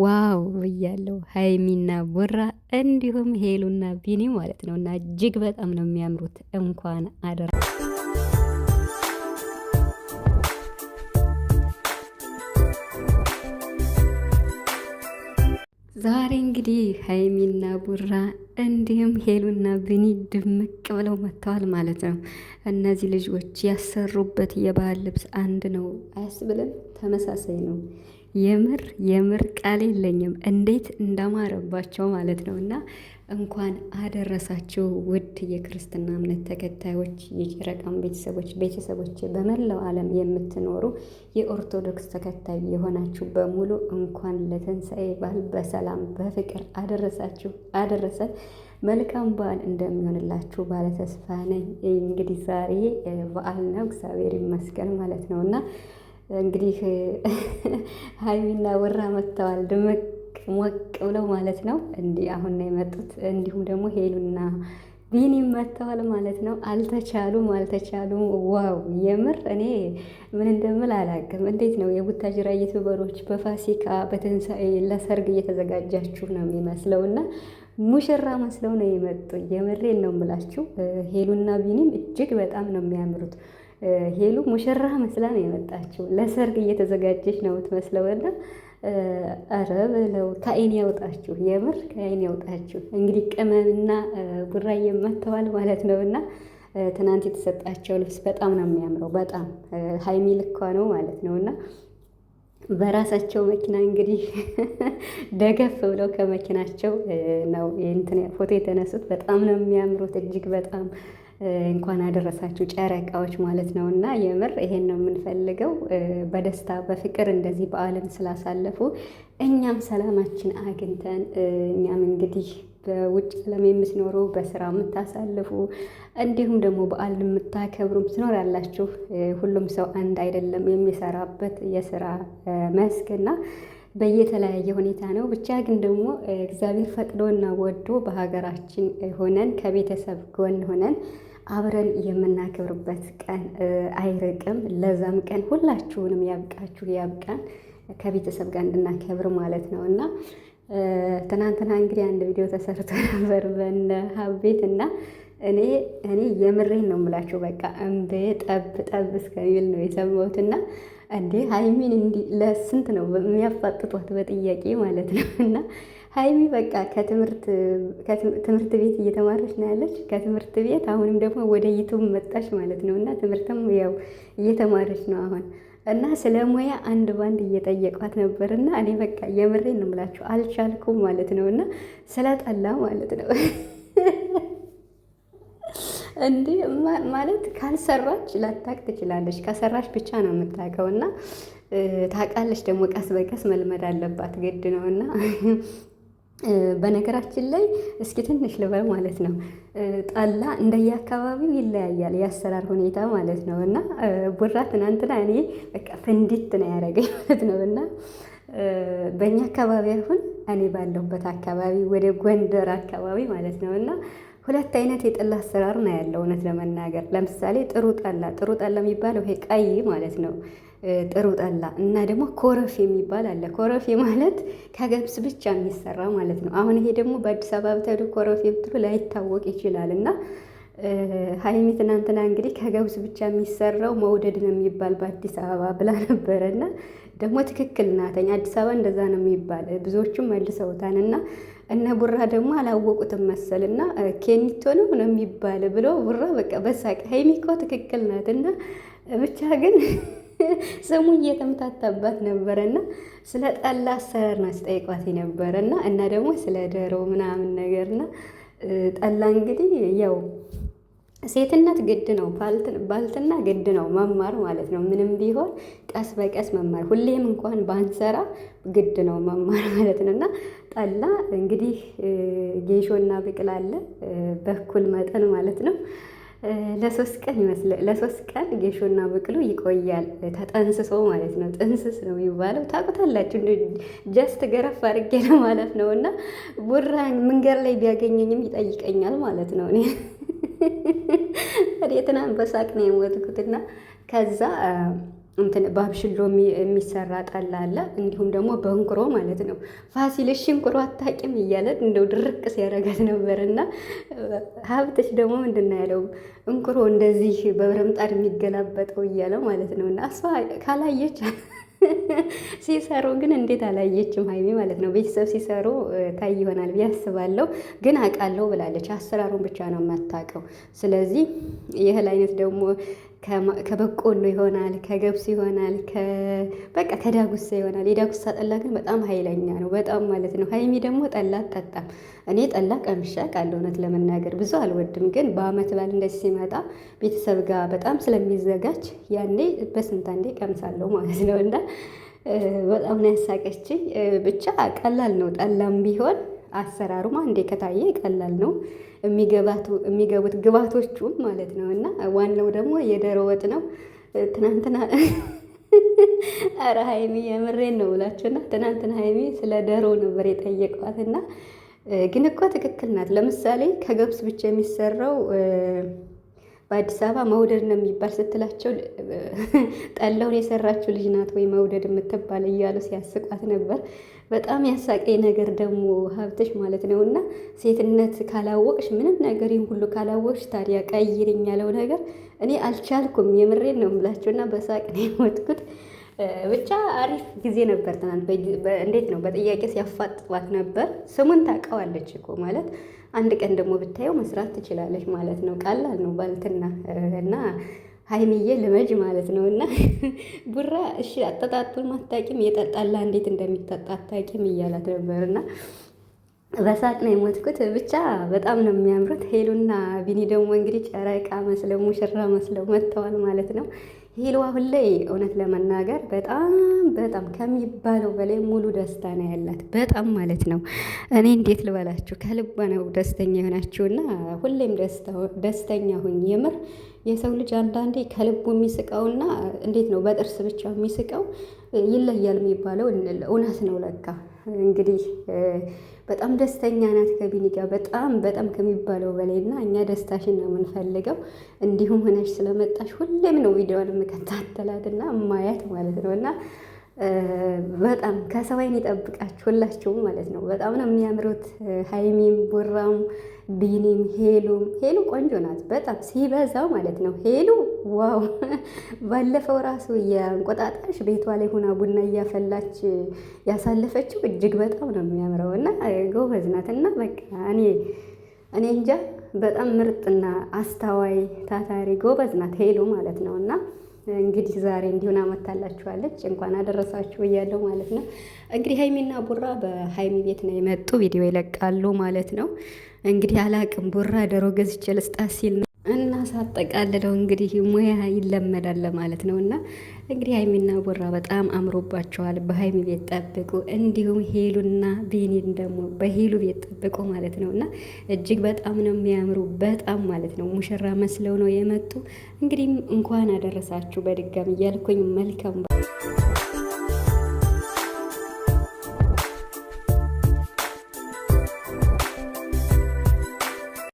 ዋው ብያለው ሀይሚና ቦራ እንዲሁም ሄሉና ቢኒ ማለት ነው። እና እጅግ በጣም ነው የሚያምሩት። እንኳን አደራ ዛሬ እንግዲህ ሀይሚና ቡራ እንዲሁም ሄሉና ቢኒ ድምቅ ብለው መጥተዋል ማለት ነው። እነዚህ ልጆች ያሰሩበት የባህል ልብስ አንድ ነው አያስብልም? ተመሳሳይ ነው። የምር የምር ቃል የለኝም እንዴት እንዳማረባቸው ማለት ነው። እና እንኳን አደረሳችሁ ውድ የክርስትና እምነት ተከታዮች፣ የጨረቃም ቤተሰቦች ቤተሰቦች፣ በመላው ዓለም የምትኖሩ የኦርቶዶክስ ተከታይ የሆናችሁ በሙሉ እንኳን ለትንሣኤ በዓል በሰላም በፍቅር አደረሳችሁ አደረሰ። መልካም በዓል እንደሚሆንላችሁ ባለተስፋ ነኝ። እንግዲህ ዛሬ በዓል ነው፣ እግዚአብሔር ይመስገን ማለት ነው እና እንግዲህ ሀይሚና ወራ መጥተዋል። ድምቅ ሞቅ ብለው ማለት ነው። እንዲህ አሁን ነው የመጡት። እንዲሁም ደግሞ ሄሉና ቢኒም መጥተዋል ማለት ነው። አልተቻሉም አልተቻሉም። ዋው የምር እኔ ምን እንደምል አላውቅም። እንዴት ነው የቡታጅራ የትበሮች በፋሲካ በትንሳኤ ለሰርግ እየተዘጋጃችሁ ነው የሚመስለው እና ሙሽራ መስለው ነው የመጡ። የምሬን ነው የምላችሁ። ሄሉና ቢኒም እጅግ በጣም ነው የሚያምሩት። ሄሉ ሙሽራ መስላ ነው የመጣችው። ለሰርግ እየተዘጋጀች ነው የምትመስለውና አረ በለው ከአይን ያውጣችሁ፣ የምር ከአይን ያውጣችሁ። እንግዲህ ቅመምና ቡራዬ መጥተዋል ማለት ነው እና ትናንት የተሰጣቸው ልብስ በጣም ነው የሚያምረው። በጣም ሀይሚ ልኳ ነው ማለት ነው እና በራሳቸው መኪና እንግዲህ ደገፍ ብለው ከመኪናቸው ነው ፎቶ የተነሱት። በጣም ነው የሚያምሩት እጅግ በጣም እንኳን አደረሳችሁ ጨረቃዎች ማለት ነው። እና የምር ይሄን ነው የምንፈልገው፣ በደስታ በፍቅር እንደዚህ በዓልን ስላሳለፉ እኛም ሰላማችን አግኝተን እኛም እንግዲህ በውጭ ዓለም የምትኖሩ በስራ የምታሳልፉ እንዲሁም ደግሞ በዓል የምታከብሩ ትኖር ያላችሁ ሁሉም ሰው አንድ አይደለም የሚሰራበት የስራ መስክና በየተለያየ ሁኔታ ነው። ብቻ ግን ደግሞ እግዚአብሔር ፈቅዶና ወዶ በሀገራችን ሆነን ከቤተሰብ ጎን ሆነን አብረን የምናከብርበት ቀን አይርቅም። ለዛም ቀን ሁላችሁንም ያብቃችሁ ያብቃን ከቤተሰብ ጋር እንድናከብር ማለት ነው እና ትናንትና እንግዲህ አንድ ቪዲዮ ተሰርቶ ነበር በነ ሀቤት እና እኔ እኔ የምሬን ነው የምላችሁ። በቃ እንዴ ጠብ ጠብ እስከሚል ነው የሰማሁት እና እንዴ ሀይሚን እንዲህ ለስንት ነው የሚያፋጥጧት በጥያቄ ማለት ነው እና ሀይሚ በቃ ከትምህርት ቤት እየተማረች ነው ያለች። ከትምህርት ቤት አሁንም ደግሞ ወደ ዩቱብ መጣች ማለት ነው። እና ትምህርትም ያው እየተማረች ነው አሁን እና ስለ ሙያ አንድ ባንድ እየጠየቋት ነበር። እና እኔ በቃ የምሬን ነው የምላችሁ አልቻልኩም ማለት ነው። እና ስለጠላ ማለት ነው እንዴ ማለት ካልሰራች ላታቅ ትችላለች። ከሰራች ብቻ ነው የምታውቀው እና ታውቃለች ደግሞ ቀስ በቀስ መልመድ አለባት ግድ ነው እና በነገራችን ላይ እስኪ ትንሽ ልበል ማለት ነው። ጠላ እንደየ ይለያያል የአሰራር ሁኔታ ማለት ነው። እና ቡራ ትናንትና እኔ በቃ ፍንድት ነው ያደረገኝ ማለት ነው። እና በእኛ አካባቢ አሁን እኔ ባለሁበት አካባቢ ወደ ጎንደር አካባቢ ማለት ነው እና ሁለት አይነት የጠላ አሰራር ነው ያለው እውነት ለመናገር ለምሳሌ ጥሩ ጠላ ጥሩ ጠላ የሚባለው ይሄ ቀይ ማለት ነው ጥሩ ጠላ እና ደግሞ ኮረፌ የሚባል አለ። ኮረፌ ማለት ከገብስ ብቻ የሚሰራ ማለት ነው። አሁን ይሄ ደግሞ በአዲስ አበባ ብትሄዱ ኮረፌ ብትሉ ላይታወቅ ይችላል እና ሀይሚ ትናንትና እንግዲህ ከገብስ ብቻ የሚሰራው መውደድ ነው የሚባል በአዲስ አበባ ብላ ነበረ እና ደግሞ ትክክል ናተኝ። አዲስ አበባ እንደዛ ነው የሚባል ብዙዎቹም መልሰውታል እና እነ ቡራ ደግሞ አላወቁትም መሰል እና ኬኒቶ ነው ነው የሚባል ብሎ ቡራ በቃ በሳቅ ሀይሚ እኮ ትክክል ናት እና ብቻ ግን ስሙ እየተምታታባት ነበረ እና ስለ ጠላ አሰራር ነው ስጠይቋት የነበረ እና እና ደግሞ ስለ ደሮ ምናምን ነገር እና ጠላ እንግዲህ ያው ሴትነት ግድ ነው፣ ባልትና ግድ ነው መማር ማለት ነው። ምንም ቢሆን ቀስ በቀስ መማር ሁሌም እንኳን ባንሰራ ግድ ነው መማር ማለት ነው እና ጠላ እንግዲህ ጌሾና ብቅል አለ በኩል መጠን ማለት ነው። ለሶስት ቀን ይመስላል። ለሶስት ቀን ጌሾና በቅሎ ይቆያል ተጠንስሶ ማለት ነው። ጥንስስ ነው የሚባለው ታውቁታላችሁ። ጀስት ገረፍ አድርጌ ነው ማለት ነው። እና ቡራ መንገድ ላይ ቢያገኘኝም ይጠይቀኛል ማለት ነው። እኔ እኔ ትናንት በሳቅ ነው የሞትኩትና ከዛ እንትን ባብሽሎ የሚሰራ ጠላ አለ። እንዲሁም ደግሞ በእንቁሮ ማለት ነው። ፋሲልሽ እንቁሮ አታውቂም እያለን እንደው ድርቅ ሲያደርጋት ነበር። እና ሀብትሽ ደግሞ ምንድን ነው ያለው እንቁሮ እንደዚህ በብረምጣድ የሚገላበጠው እያለ ማለት ነው። እና እሷ ካላየች ሲሰሩ ግን እንዴት አላየችም ሀይሜ ማለት ነው። ቤተሰብ ሲሰሩ ታይ ይሆናል ብዬ ግን አውቃለሁ ብላለች፣ አሰራሩን ብቻ ነው የማታውቀው። ስለዚህ ይህል አይነት ደግሞ ከበቆሎ ይሆናል፣ ከገብስ ይሆናል፣ በቃ ከዳጉሳ ይሆናል። የዳጉሳ ጠላ ግን በጣም ኃይለኛ ነው፣ በጣም ማለት ነው። ሀይሚ ደግሞ ጠላ አትጠጣም። እኔ ጠላ ቀምሼ አውቃለሁ፣ እውነት ለመናገር ብዙ አልወድም። ግን በአመት በዓል እንደዚህ ሲመጣ ቤተሰብ ጋር በጣም ስለሚዘጋጅ ያኔ በስንት አንዴ ቀምሳለሁ ማለት ነው እና በጣም ነው ያሳቀችኝ። ብቻ ቀላል ነው ጠላም ቢሆን አሰራሩም አንዴ ከታየ ቀላል ነው። የሚገቡት ግብአቶቹም ማለት ነው እና ዋናው ደግሞ የደሮ ወጥ ነው። ትናንትና ኧረ ሀይሚ የምሬን ነው ብላችሁና ትናንትና ሀይሚ ስለ ደሮ ነበር የጠየቋትና ግን እኮ ትክክል ናት። ለምሳሌ ከገብስ ብቻ የሚሰራው በአዲስ አበባ መውደድ ነው የሚባል ስትላቸው ጠላውን የሰራችው ልጅ ናት ወይ መውደድ የምትባል እያሉ ሲያስቋት ነበር። በጣም ያሳቀኝ ነገር ደግሞ ሀብተሽ ማለት ነው እና ሴትነት ካላወቅሽ ምንም ነገር ይህን ሁሉ ካላወቅሽ ታዲያ ቀይርኝ ያለው ነገር እኔ አልቻልኩም። የምሬን ነው የምላችሁ እና በሳቅ ነው የሞትኩት። ብቻ አሪፍ ጊዜ ነበር። ትናንት እንዴት ነው በጥያቄ ሲያፋጥጧት ነበር። ስሙን ታውቀዋለች እኮ ማለት አንድ ቀን ደግሞ ብታየው መስራት ትችላለች ማለት ነው። ቀላል ነው ባልትና እና ሀይሚዬ ልመጅ ማለት ነው። እና ቡራ እሺ አጠጣጡን ማታቂም የጠጣላ እንዴት እንደሚጠጣ አታቂም እያላት ነበር እና በሳቅ ነው የሞትኩት። ብቻ በጣም ነው የሚያምሩት። ሄሉና ቢኒ ደግሞ እንግዲህ ጨረቃ መስለው ሙሽራ መስለው መጥተዋል ማለት ነው። ሄሎ አሁን ላይ እውነት ለመናገር በጣም በጣም ከሚባለው በላይ ሙሉ ደስታ ነው ያላት። በጣም ማለት ነው። እኔ እንዴት ልበላችሁ ከልባ ነው ደስተኛ የሆናችሁና ሁሌም ደስተኛ ሁኝ። የምር የሰው ልጅ አንዳንዴ ከልቡ የሚስቀውና እንዴት ነው በጥርስ ብቻ የሚስቀው ይለያል የሚባለው እውነት ነው። ለካ እንግዲህ በጣም ደስተኛ ናት ከቢኒ ጋር በጣም በጣም ከሚባለው በላይ እና እኛ ደስታሽን ነው የምንፈልገው። እንዲሁም ሆነሽ ስለመጣሽ ሁሌም ነው ቪዲዮን የምከታተላት እና ማየት ማለት ነው እና በጣም ከሰው ዓይን ይጠብቃችሁ ሁላችሁም ማለት ነው። በጣም ነው የሚያምሩት ሀይሚም፣ ቡራም፣ ቢኒም፣ ሄሉም። ሄሉ ቆንጆ ናት በጣም ሲበዛው ማለት ነው። ሄሉ ዋው! ባለፈው ራሱ የእንቆጣጣሽ ቤቷ ላይ ሆና ቡና እያፈላች ያሳለፈችው እጅግ በጣም ነው የሚያምረው እና ጎበዝ ናት እና በቃ እኔ እኔ እንጃ በጣም ምርጥና አስታዋይ ታታሪ ጎበዝ ናት ሄሉ ማለት ነው እና እንግዲህ ዛሬ እንዲሁን አመታላችኋለች። እንኳን አደረሳችሁ እያለሁ ማለት ነው። እንግዲህ ሀይሚና ቡራ በሀይሚ ቤት ነው የመጡ ቪዲዮ ይለቃሉ ማለት ነው። እንግዲህ አላቅም ቡራ ደሮ ገዝቼ ልስጣ ሲል ነው ሳጠቃልለው እንግዲህ ሙያ ይለመዳል ለማለት ነው እና እንግዲህ ሀይሚና ቦራ በጣም አምሮባቸዋል። በሀይሚ ቤት ጠብቁ፣ እንዲሁም ሄሉና ቤኒን ደግሞ በሄሉ ቤት ጠብቁ ማለት ነው እና እጅግ በጣም ነው የሚያምሩ በጣም ማለት ነው። ሙሽራ መስለው ነው የመጡ። እንግዲህ እንኳን አደረሳችሁ በድጋሚ እያልኩኝ መልካም